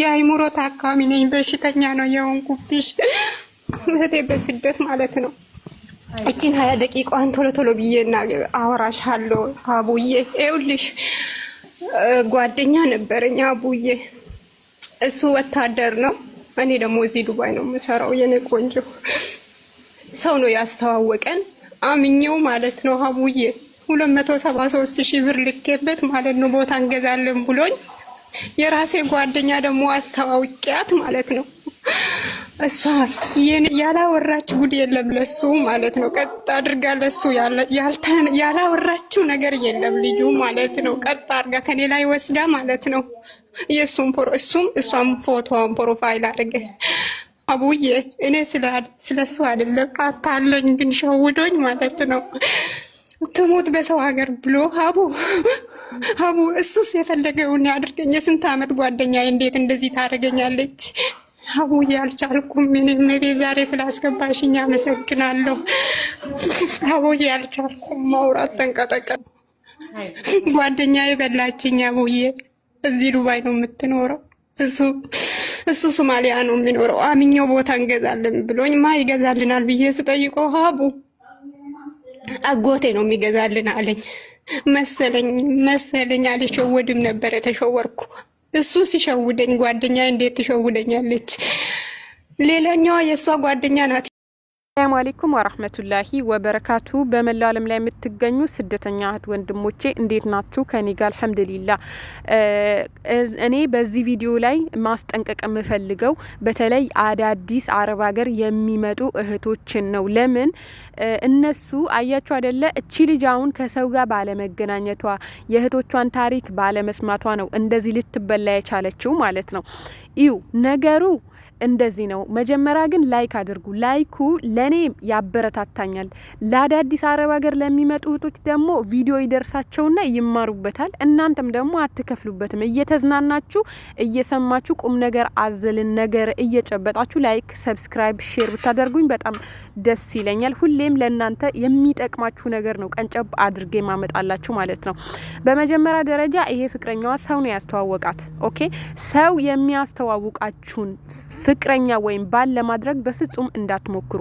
የአይምሮ ታካሚ ነኝ፣ በሽተኛ ነው የሆንኩብሽ እህቴ፣ በስደት ማለት ነው። እችን ሀያ ደቂቃዋን ቶሎ ቶሎ ብዬና አወራሻለሁ አቡዬ። ይኸውልሽ ጓደኛ ነበረኝ አቡዬ፣ እሱ ወታደር ነው፣ እኔ ደግሞ እዚህ ዱባይ ነው የምሰራው። የኔ ቆንጆ ሰው ነው ያስተዋወቀን፣ አምኜው ማለት ነው አቡዬ። ሁለት መቶ ሰባ ሶስት ሺህ ብር ልኬበት ማለት ነው ቦታ እንገዛለን ብሎኝ የራሴ ጓደኛ ደግሞ አስተዋውቂያት ማለት ነው። እሷ ያላወራች ጉድ የለም ለሱ ማለት ነው። ቀጥ አድርጋ ለሱ ያላወራችው ነገር የለም ልዩ ማለት ነው። ቀጥ አድርጋ ከኔ ላይ ወስዳ ማለት ነው። የእሱም እሱም እሷም ፎቶዋን ፕሮፋይል አድርገ አቡዬ እኔ ስለሱ አይደለም አታለኝ ግን ሸውዶኝ ማለት ነው። ትሙት በሰው ሀገር ብሎ አቡ አቡ እሱስ የፈለገውን ያድርገኝ። የስንት ዓመት ጓደኛ እንዴት እንደዚህ ታደርገኛለች? አቡ ያልቻልኩም። እኔም ቤ ዛሬ ስላስገባሽኝ አመሰግናለሁ። አቡ ያልቻልኩም። ማውራት ተንቀጠቀ። ጓደኛ የበላችኝ። አቡዬ እዚህ ዱባይ ነው የምትኖረው። እሱ እሱ ሶማሊያ ነው የሚኖረው። አምኛው ቦታ እንገዛለን ብሎኝ ማ ይገዛልናል ብዬ ስጠይቀው ሀቡ አጎቴ ነው የሚገዛልን አለኝ መሰለኝ መሰለኝ አልሸወድም ነበረ ተሸወርኩ። እሱ ሲሸውደኝ ጓደኛ እንዴት ትሸውደኛለች? ሌላኛዋ የእሷ ጓደኛ ናት። ሰላም አለይኩም ወራህመቱላሂ ወበረካቱ። በመላው ዓለም ላይ የምትገኙ ስደተኛ እህት ወንድሞቼ እንዴት ናችሁ? ከኔ ጋር አልሐምዱሊላ። እኔ በዚህ ቪዲዮ ላይ ማስጠንቀቅ የምፈልገው በተለይ አዳዲስ አረብ ሀገር የሚመጡ እህቶችን ነው። ለምን እነሱ አያችሁ አይደለ? እቺ ልጅ አሁን ከሰው ጋር ባለመገናኘቷ የእህቶቿን ታሪክ ባለመስማቷ ነው እንደዚህ ልትበላ የቻለችው ማለት ነው። ይው ነገሩ እንደዚህ ነው። መጀመሪያ ግን ላይክ አድርጉ። ላይኩ ለእኔ ያበረታታኛል። ለአዳዲስ አረብ ሀገር ለሚመጡ እህቶች ደግሞ ቪዲዮ ይደርሳቸውና ይማሩበታል። እናንተም ደግሞ አትከፍሉበትም። እየተዝናናችሁ እየሰማችሁ ቁም ነገር አዘልን ነገር እየጨበጣችሁ ላይክ፣ ሰብስክራይብ፣ ሼር ብታደርጉኝ በጣም ደስ ይለኛል። ሁሌም ለእናንተ የሚጠቅማችሁ ነገር ነው ቀንጨብ አድርጌ ማመጣላችሁ ማለት ነው። በመጀመሪያ ደረጃ ይሄ ፍቅረኛዋ ሰው ነው ያስተዋወቃት። ኦኬ ሰው የሚያስተዋውቃችሁን ፍቅረኛ ወይም ባል ለማድረግ በፍጹም እንዳትሞክሩ።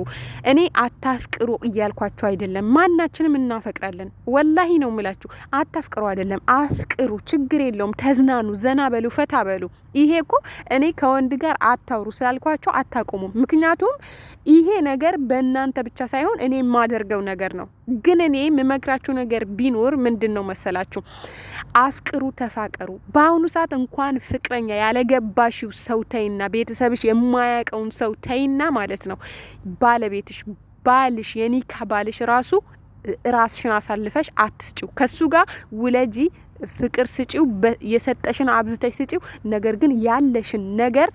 እኔ አታፍቅሩ እያልኳቸው አይደለም። ማናችንም እናፈቅራለን። ወላሂ ነው ምላችሁ። አታፍቅሩ አይደለም፣ አፍቅሩ። ችግር የለውም። ተዝናኑ፣ ዘና በሉ፣ ፈታ በሉ። ይሄ እኮ እኔ ከወንድ ጋር አታውሩ ስላልኳቸው አታቆሙም። ምክንያቱም ይሄ ነገር በእናንተ ብቻ ሳይሆን እኔ የማደርገው ነገር ነው። ግን እኔ የምመክራችሁ ነገር ቢኖር ምንድን ነው መሰላችሁ? አፍቅሩ፣ ተፋቀሩ። በአሁኑ ሰዓት እንኳን ፍቅረኛ ያለገባሽው ሰውተይና ቤተሰብሽ የማያውቀውን ሰው ተይና ማለት ነው ባለቤትሽ ባልሽ የኒካ ባልሽ ራሱ ራስሽን አሳልፈሽ አትስጪው። ከሱ ጋር ውለጂ፣ ፍቅር ስጪው፣ የሰጠሽን አብዝተሽ ስጪው። ነገር ግን ያለሽን ነገር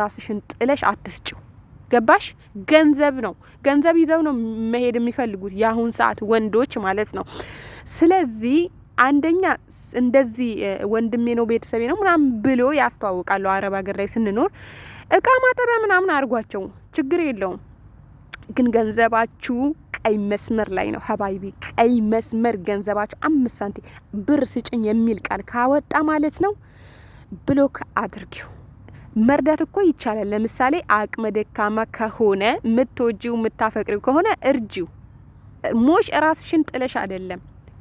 ራስሽን ጥለሽ አትስጪው። ገባሽ? ገንዘብ ነው፣ ገንዘብ ይዘው ነው መሄድ የሚፈልጉት የአሁን ሰዓት ወንዶች ማለት ነው። ስለዚህ አንደኛ እንደዚህ ወንድሜ ነው ቤተሰቤ ነው ምናምን ብሎ ያስተዋውቃሉ። አረብ ሀገር ላይ ስንኖር እቃ ማጠቢያ ምናምን አድርጓቸው ችግር የለውም። ግን ገንዘባችሁ ቀይ መስመር ላይ ነው ሀባይቢ። ቀይ መስመር ገንዘባችሁ አምስት ሳንቲ ብር ስጭኝ የሚል ቃል ካወጣ ማለት ነው ብሎክ አድርጊው። መርዳት እኮ ይቻላል። ለምሳሌ አቅመ ደካማ ከሆነ የምትወጂው የምታፈቅሪው ከሆነ እርጂው። ሞሽ ራስሽን ጥለሽ አይደለም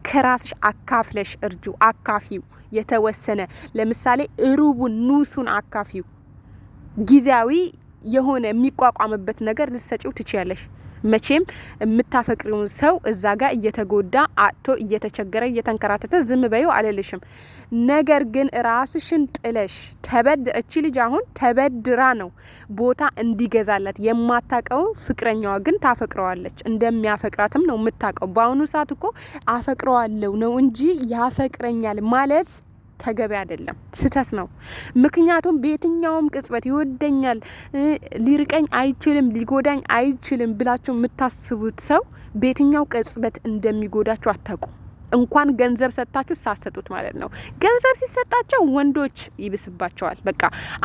ከራስሽ አካፍለሽ እርጁ። አካፊው የተወሰነ ለምሳሌ እሩቡን ኑሱን አካፊው ጊዜያዊ የሆነ የሚቋቋምበት ነገር ልሰጪው ትችያለሽ። መቼም የምታፈቅሪውን ሰው እዛ ጋር እየተጎዳ አጥቶ እየተቸገረ እየተንከራተተ ዝም በዩ አልልሽም። ነገር ግን ራስሽን ጥለሽ ተበድ እቺ ልጅ አሁን ተበድራ ነው ቦታ እንዲገዛላት የማታቀው ፍቅረኛዋ ግን ታፈቅረዋለች። እንደሚያፈቅራትም ነው የምታቀው። በአሁኑ ሰዓት እኮ አፈቅረዋለሁ ነው እንጂ ያፈቅረኛል ማለት ተገቢ አይደለም፣ ስህተት ነው። ምክንያቱም በየትኛውም ቅጽበት ይወደኛል፣ ሊርቀኝ አይችልም፣ ሊጎዳኝ አይችልም ብላችሁ የምታስቡት ሰው በየትኛው ቅጽበት እንደሚጎዳችሁ አታውቁ። እንኳን ገንዘብ ሰጥታችሁ ሳሰጡት ማለት ነው። ገንዘብ ሲሰጣቸው ወንዶች ይብስባቸዋል። በቃ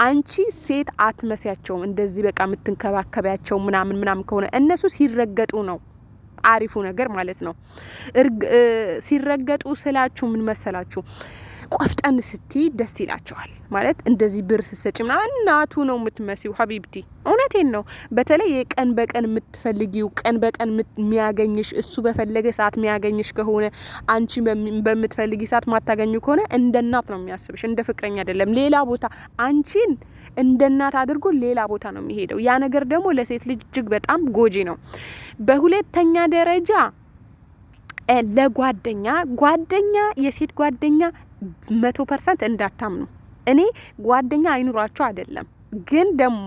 አንቺ ሴት አትመስያቸውም። እንደዚህ በቃ የምትንከባከቢያቸው ምናምን ምናምን ከሆነ እነሱ ሲረገጡ ነው አሪፉ ነገር ማለት ነው። ሲረገጡ ስላችሁ ምን መሰላችሁ? ቆፍጠን ስቲ ደስ ይላቸዋል። ማለት እንደዚህ ብር ስሰጭ ምናምን እናቱ ነው የምትመሲው። ሀቢብቲ እውነቴን ነው። በተለይ የቀን በቀን የምትፈልጊው ቀን በቀን የሚያገኝሽ እሱ በፈለገ ሰዓት የሚያገኝሽ ከሆነ አንቺ በምትፈልጊ ሰዓት ማታገኙ ከሆነ እንደ እናት ነው የሚያስብሽ፣ እንደ ፍቅረኛ አይደለም። ሌላ ቦታ አንቺን እንደ እናት አድርጎ ሌላ ቦታ ነው የሚሄደው። ያ ነገር ደግሞ ለሴት ልጅ እጅግ በጣም ጎጂ ነው። በሁለተኛ ደረጃ ለጓደኛ ጓደኛ የሴት ጓደኛ መቶ ፐርሰንት እንዳታምኑ። እኔ ጓደኛ አይኑሯቸው አይደለም ግን ደግሞ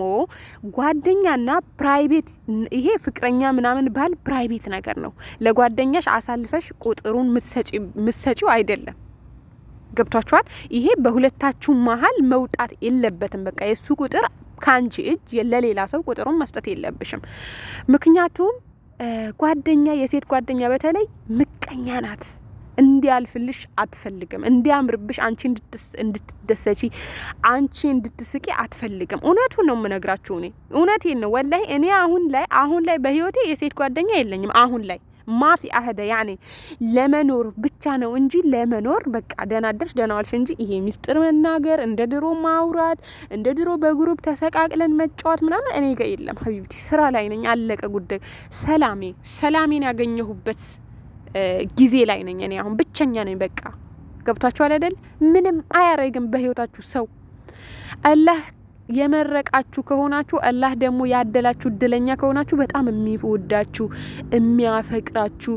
ጓደኛና ፕራይቬት ይሄ ፍቅረኛ ምናምን ባል ፕራይቬት ነገር ነው። ለጓደኛሽ አሳልፈሽ ቁጥሩን ምሰጪው አይደለም። ገብቷችኋል? ይሄ በሁለታችሁ መሀል መውጣት የለበትም። በቃ የእሱ ቁጥር ከአንቺ እጅ ለሌላ ሰው ቁጥሩን መስጠት የለብሽም። ምክንያቱም ጓደኛ የሴት ጓደኛ በተለይ ምቀኛ ናት። እንዲያልፍልሽ አትፈልግም። እንዲያምርብሽ፣ አንቺ እንድትደሰቺ፣ አንቺ እንድትስቂ አትፈልግም። እውነቱን ነው የምነግራችሁ። እኔ እውነቴን ነው ወላሂ። እኔ አሁን ላይ አሁን ላይ በህይወቴ የሴት ጓደኛ የለኝም አሁን ላይ ማፊ አህደ ያኔ ለመኖር ብቻ ነው እንጂ ለመኖር በቃ ደህና ደርሽ ደህና ዋልሽ እንጂ ይሄ ሚስጥር መናገር እንደ ድሮ ማውራት እንደ ድሮ በግሩፕ ተሰቃቅለን መጫወት ምናምን እኔ ጋር የለም። ሀቢብቲ ስራ ላይ ነኝ። አለቀ ጉዳዩ። ሰላሜ ሰላሜን ያገኘሁበት ጊዜ ላይ ነኝ እኔ አሁን ብቸኛ ነኝ። በቃ ገብቷችኋል አይደል? ምንም አያረግም በህይወታችሁ ሰው አላህ የመረቃችሁ ከሆናችሁ አላህ ደግሞ ያደላችሁ እድለኛ ከሆናችሁ በጣም የሚወዳችሁ የሚያፈቅራችሁ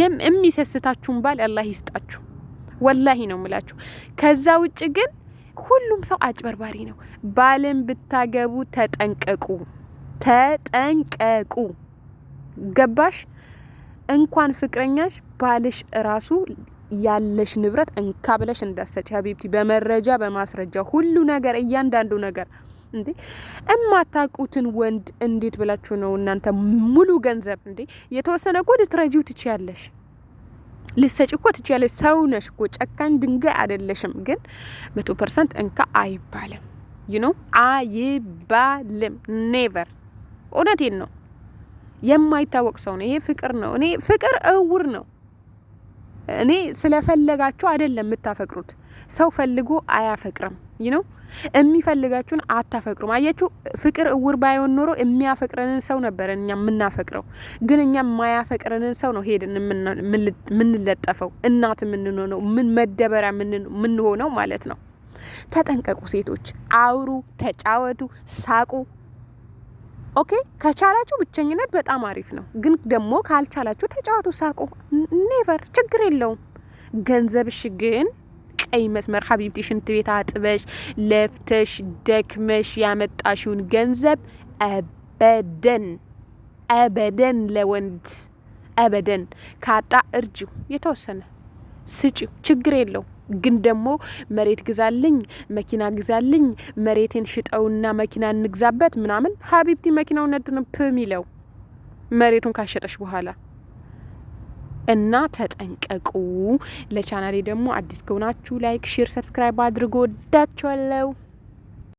የሚሰስታችሁን ባል አላህ ይስጣችሁ። ወላሂ ነው ምላችሁ። ከዛ ውጭ ግን ሁሉም ሰው አጭበርባሪ ነው። ባልን ብታገቡ ተጠንቀቁ፣ ተጠንቀቁ። ገባሽ? እንኳን ፍቅረኛሽ ባልሽ እራሱ ያለሽ ንብረት እንካ ብለሽ እንዳሰጭ ሀቢብቲ፣ በመረጃ በማስረጃ ሁሉ ነገር እያንዳንዱ ነገር እንዴ እማታቁትን ወንድ እንዴት ብላችሁ ነው እናንተ ሙሉ ገንዘብ እንዴ የተወሰነ እኮ ልትረጂው ትችያለሽ፣ ልሰጭ እኮ ትችያለሽ። ሰው ነሽ እኮ ጨካኝ ድንጋይ አይደለሽም። ግን መቶ ፐርሰንት እንካ አይባልም፣ ይኖ አይባልም። ኔቨር። እውነቴን ነው። የማይታወቅ ሰው ነው። ይሄ ፍቅር ነው። እኔ ፍቅር እውር ነው። እኔ ስለፈለጋችሁ አይደለም የምታፈቅሩት። ሰው ፈልጎ አያፈቅርም። ይህ ነው የሚፈልጋችሁን አታፈቅሩም። አያችሁ፣ ፍቅር እውር ባይሆን ኖሮ የሚያፈቅረንን ሰው ነበር እኛ የምናፈቅረው። ግን እኛ የማያፈቅረንን ሰው ነው ሄድን የምንለጠፈው፣ እናት የምንሆነው፣ ምን መደበሪያ የምንሆነው ማለት ነው። ተጠንቀቁ ሴቶች፣ አውሩ፣ ተጫወቱ፣ ሳቁ። ኦኬ ከቻላችሁ ብቸኝነት በጣም አሪፍ ነው። ግን ደግሞ ካልቻላችሁ ተጫዋቱ፣ ሳቁ፣ ኔቨር ችግር የለውም። ገንዘብሽ ግን ቀይ መስመር ሀቢብቲ፣ ሽንት ቤት አጥበሽ ለፍተሽ ደክመሽ ያመጣሽውን ገንዘብ አበደን አበደን ለወንድ አበደን ካጣ እርጅው፣ የተወሰነ ስጪው፣ ችግር የለውም። ግን ደግሞ መሬት ግዛልኝ፣ መኪና ግዛልኝ፣ መሬቴን ሽጠውና መኪና እንግዛበት ምናምን ሀቢብቲ መኪናው ነድን ነው የሚለው መሬቱን ካሸጠሽ በኋላ እና ተጠንቀቁ። ለቻናሌ ደግሞ አዲስ ከሆናችሁ ላይክ፣ ሼር፣ ሰብስክራይብ አድርጎ ወዳችኋለሁ።